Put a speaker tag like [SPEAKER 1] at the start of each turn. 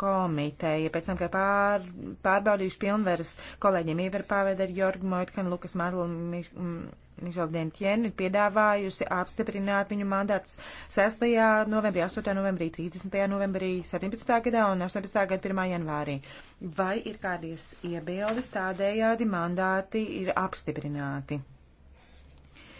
[SPEAKER 1] komiteja, pēc tam, kad pār, pārbaudījuši pilnveras kolēģiem Iver Pāveda ar Jorgu Moitkanu, Lukas Marlu, Mišel Dentieni, ir piedāvājusi apstiprināt viņu mandātus 6. novembrī, 8. novembrī, 30. novembrī, 17. gadā un 18. gada 1. janvārī. Vai ir kādies iebildes tādējādi mandāti ir apstiprināti?